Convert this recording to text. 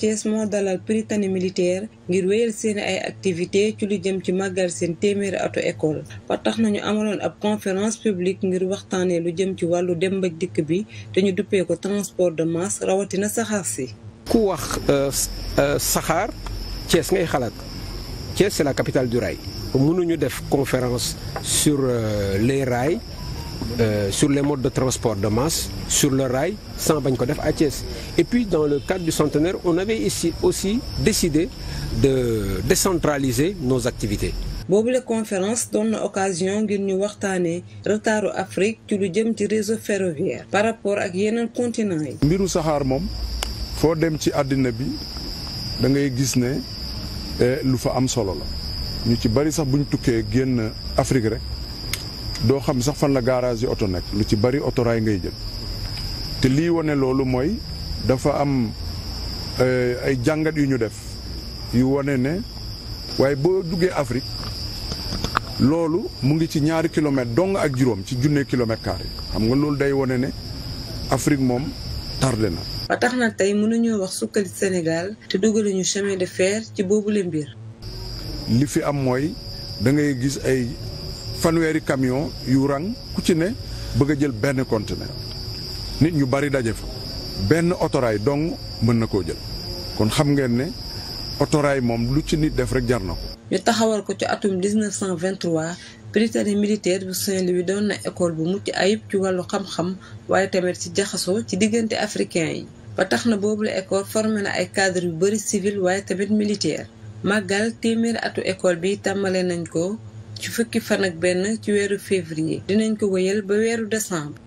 Thiès moo dalal prytanée militaire ngir wéyal seeni ay activité ci lu jëm ci màggal seen téeméeri atu école ba tax nañu amaloon ab conférence publique ngir waxtaanee lu jëm ci wàllu dem dikk bi te ñu duppee ko transport de masse rawatina saxaar si ku wax euh, euh, saxaar Thiès ngay xalaat Thiès c'est la capitale du rail mënuñu def conférence sur euh, les rails Euh, sur les modes de transport de masse sur le rail sans bañ ko def à Thiès et puis dans le cadre du centenaire on avait ici aussi décidé de décentraliser nos activités boobu la conférence doon na occasion ngir ñu waxtaanee retardu Afrique ci lu jëm ci réseau ferroviaire par rapport ak yeneen continent yi mbiru saxaar moom foo dem ci àddina bi da ngay gis ne eh, lu fa am solo la ñu ci bari sax buñ tukkee génn Afrique rek doo xam sax fan la garage oto nekk lu ci bari otoraay ngay jël te lii wane loolu mooy dafa am euh, ay jàngat yu ñu def yu wane ne waaye boo duggee Afrique loolu mu ngi ci ñaari kilomètre dong ak juróom ci junne kilomètre carré xam nga loolu day wane ne Afrique moom tardé na. ba tax na tey mënuñoo wax sukkali Sénégal te dugaluñu chemin de fer ci boobule mbir. li fi am mooy da ngay gis ay fanweeri camion yu rang ku ci ne bëgg a jël benn conteneur nit ñu bari daje fa benn otoraay dong mën na koo jël kon xam ngeen ne otoraay moom lu ci nit def rek jar na ko. ñu taxawal ko ci atum 1923 Prytanée militaire bu saint wi doon na école bu mucc ayib ci wàllu xam-xam waaye tamit ci jaxasoo ci diggante africain yi. ba tax na boobu la école formé na ay cadre yu bari civil waaye tamit militaire màggal téeméeri atu école bi tàmbale nañ ko. ci fukki fan ak benn ci weeru février dinañ ko wéyal ba weeru décembre